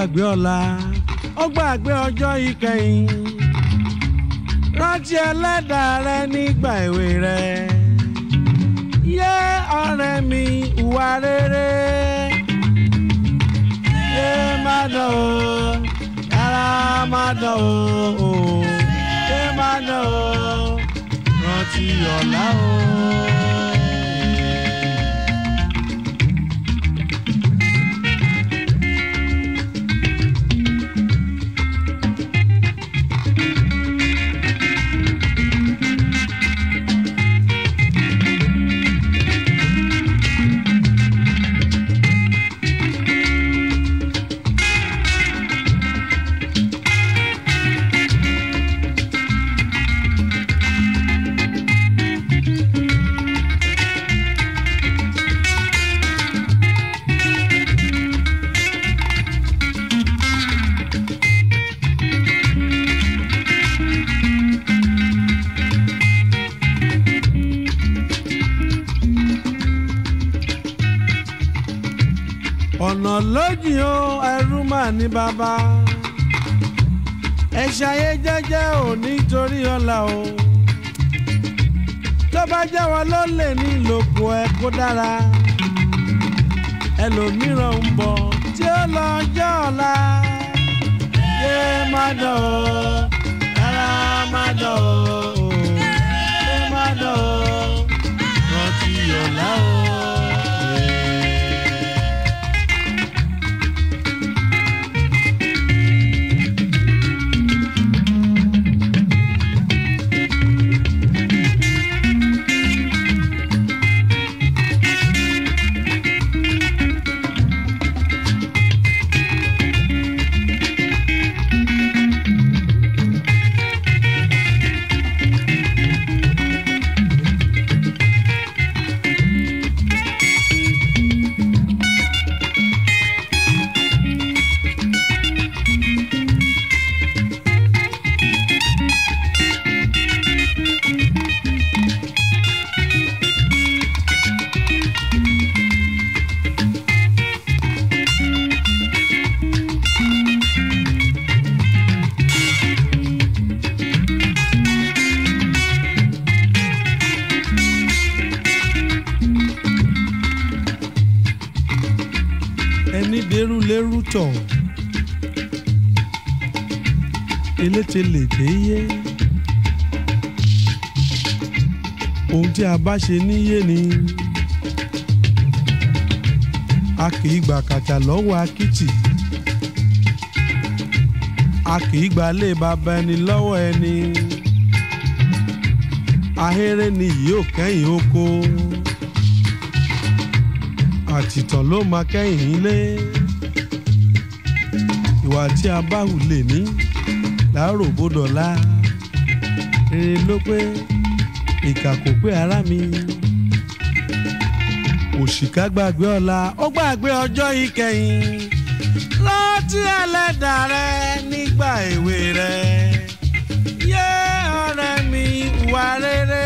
gbàgbé ọ̀la ó gbàgbé ọjọ́ ìkẹyìn rántí ẹlẹ́dàá rẹ nígbà èwe rẹ yé ọ̀rẹ́ mi ìwà rere ẹ má dán o yàrá má dán o ẹ má dán o rántí ọ̀la o. ní bàbá ẹ ṣayé jẹ́jẹ́ ò nítorí ọ̀la o tó bá jẹ́ wọn ló lè ní ìlòpọ̀ ẹ kó dára ẹlòmíràn ń bọ̀. elételédéyé ohun tí a bá ṣe níyé ni a kì í gbà kàtà lọ́wọ́ akitì a kì í gbà lé bàbá ẹni lọ́wọ́ ẹni ahéré ni yóò kẹ́yìn oko àtìtàn ló máa kẹ́yìn ilé ìwà tí a bá hù lè ní káròbó dọ̀la rere ló pé ìkà kò pé ara mi òṣìkà gbàgbé ọ̀la ó gbàgbé ọjọ́ ìkẹyìn rántí ẹlẹ́dà rẹ nígbà èwe rẹ yé ọ̀rẹ́ mi ìwà rere.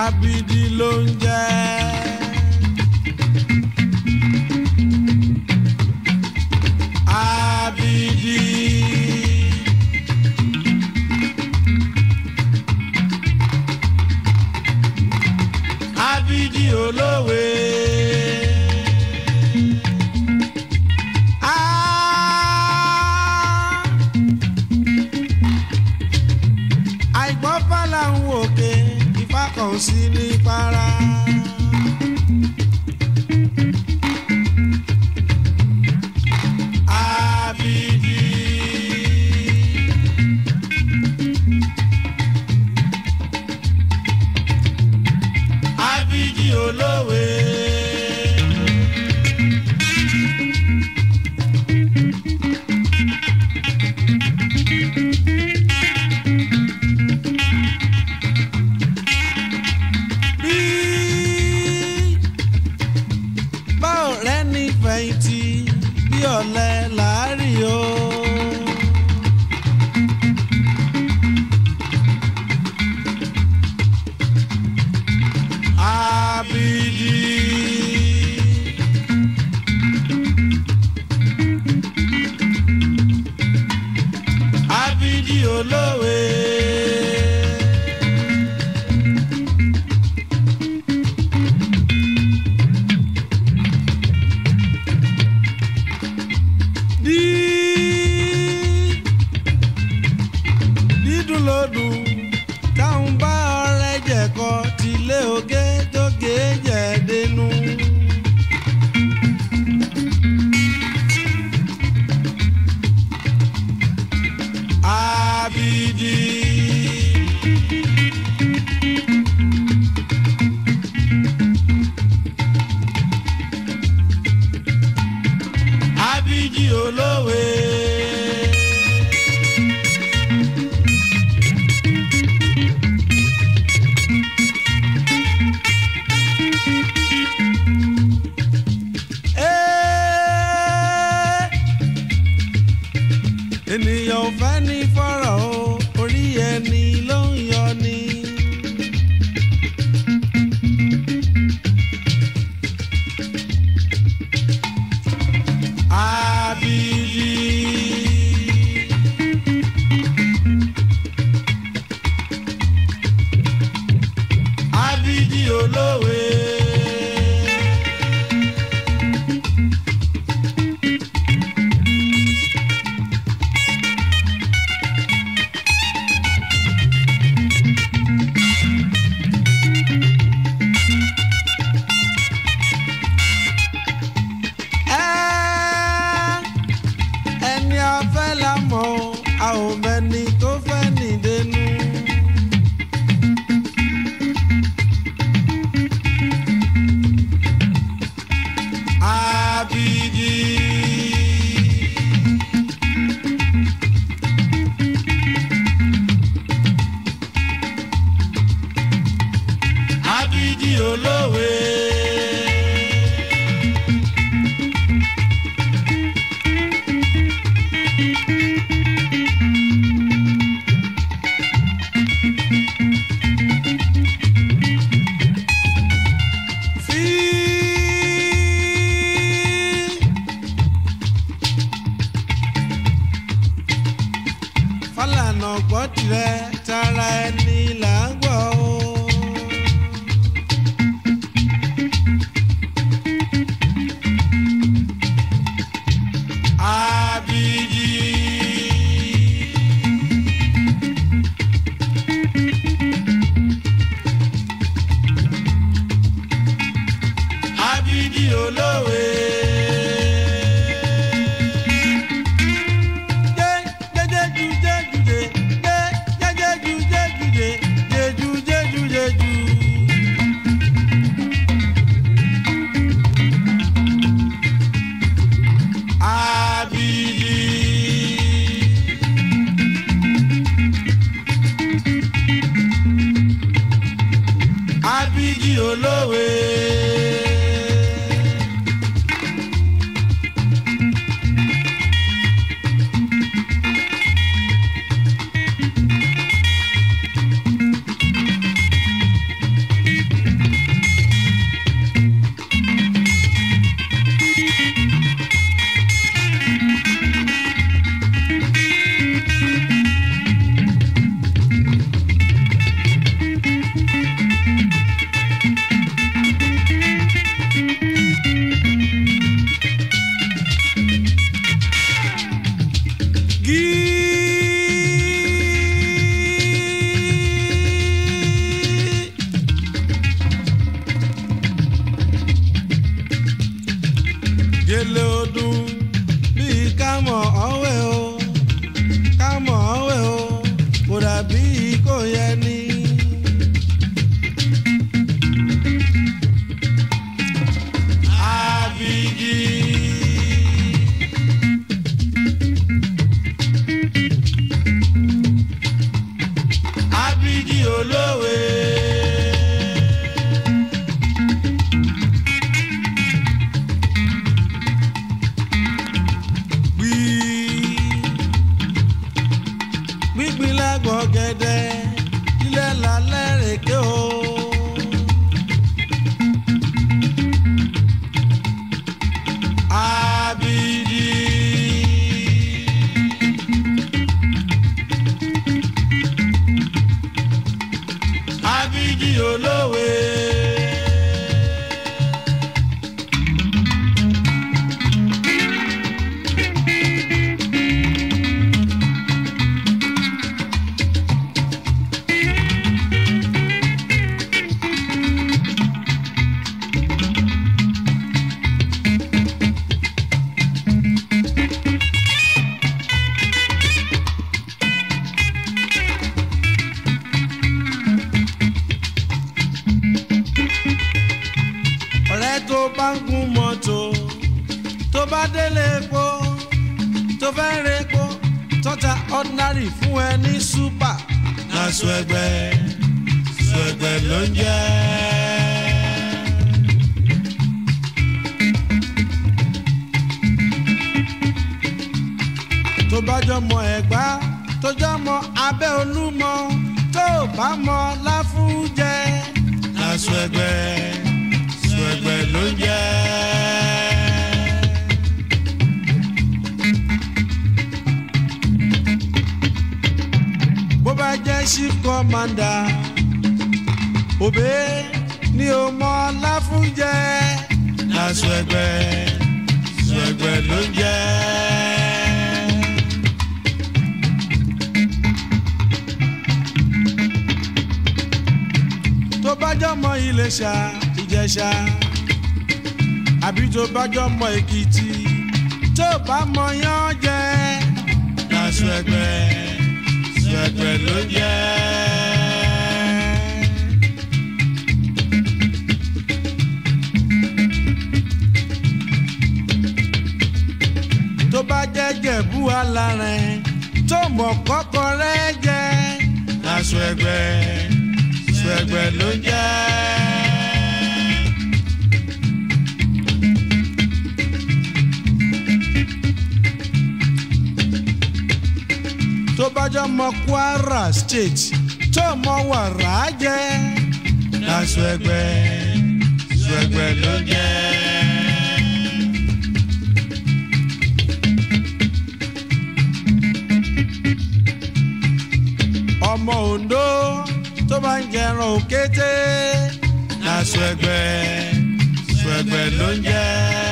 abidi ló ń jẹ́. de, kọ́lànà gbọ́dìrẹ́ tara ẹni là ń gbọ́. bá ń gun mọ́tò tó bá délé epo tó fẹ́ re epo tọ́ta ordinary fún ẹ ní super. na Suegbe Suegbe ló ń jẹ́. tó bá jọmọ Ẹ̀gbá tó jọmọ abẹ́ Olúmọ tó bá mọ Láfúnjẹ. na Suegbe ló ń jẹ́. bó bá jẹ́ chief commander òbé ni o mọ láfúnjẹ lásù ẹgbẹ́ sù ẹgbẹ́ ló ń jẹ́. tó bá jọmọ Iléṣà Ìjẹ̀ṣà àbí tó bá jọ mọ èkìtì tó bá mọ yán jẹ yàtọ̀ ẹgbẹ́ ṣẹgbẹ́ ló jẹ́. tó bá jẹ́ jẹ̀bú alárẹ̀ tó mọ̀ kọ́kọ́ rẹ̀ jẹ́ yàtọ̀ ẹgbẹ́ ṣẹgbẹ́ ló jẹ́. tó bá jọ mọ Kwara State tó mọ wàrà jẹ. na Suegbe Suegbe ló jẹ. ọmọ Ondo tó bá ń jẹran òkété. na Suegbe Suegbe ló jẹ.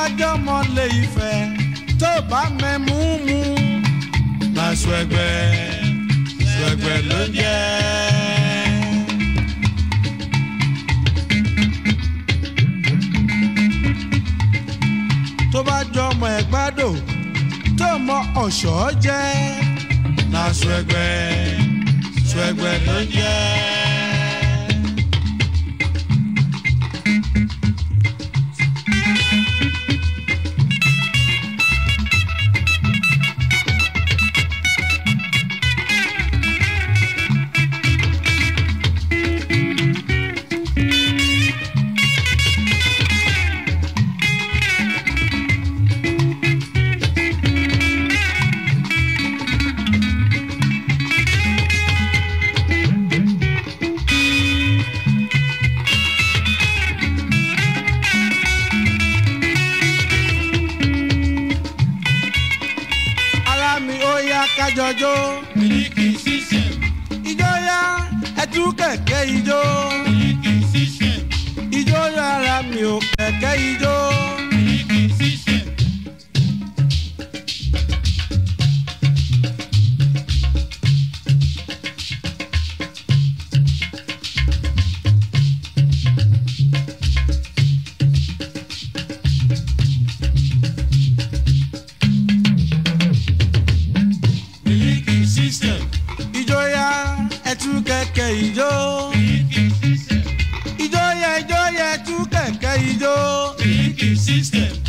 bá jọmọ lè ìfẹ́ tó bá mẹ́mú mu. Màṣọ̀ẹ̀gbẹ́ ṣọ̀ẹ̀gbẹ́ ló jẹ́. tó bá jọ ọmọ ẹgbàdo tó mọ ọ̀ṣọ́ jẹ́. na Ṣọ̀ẹ̀gbẹ́ Ṣọ̀ẹ̀gbẹ́ ló jẹ́. bá mi ó yá kájọjó. Miliki system. Ijó yá ẹtú kẹ̀kẹ́ ijó. Miliki system. Ijó yára mi ò kẹ̀kẹ́ ijó. system.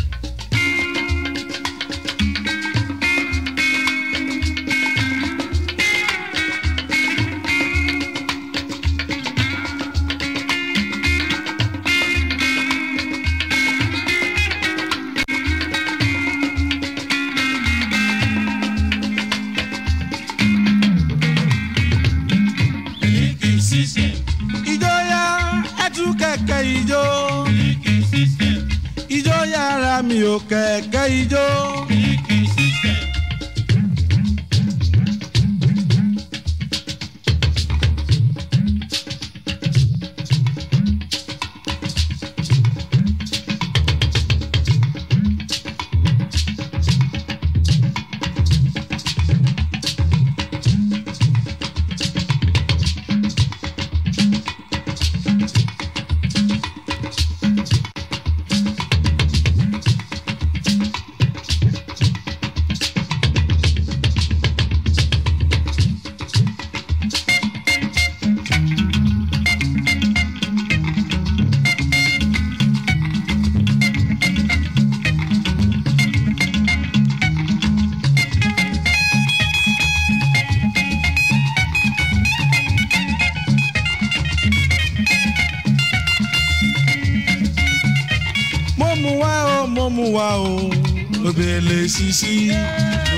òbèlè sisi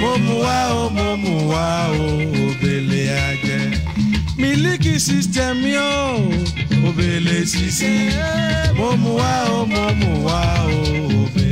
mo mú wá o mo mú wá o òbèlè àjẹ system yóò òbèlè sisi mo mú o mo mú o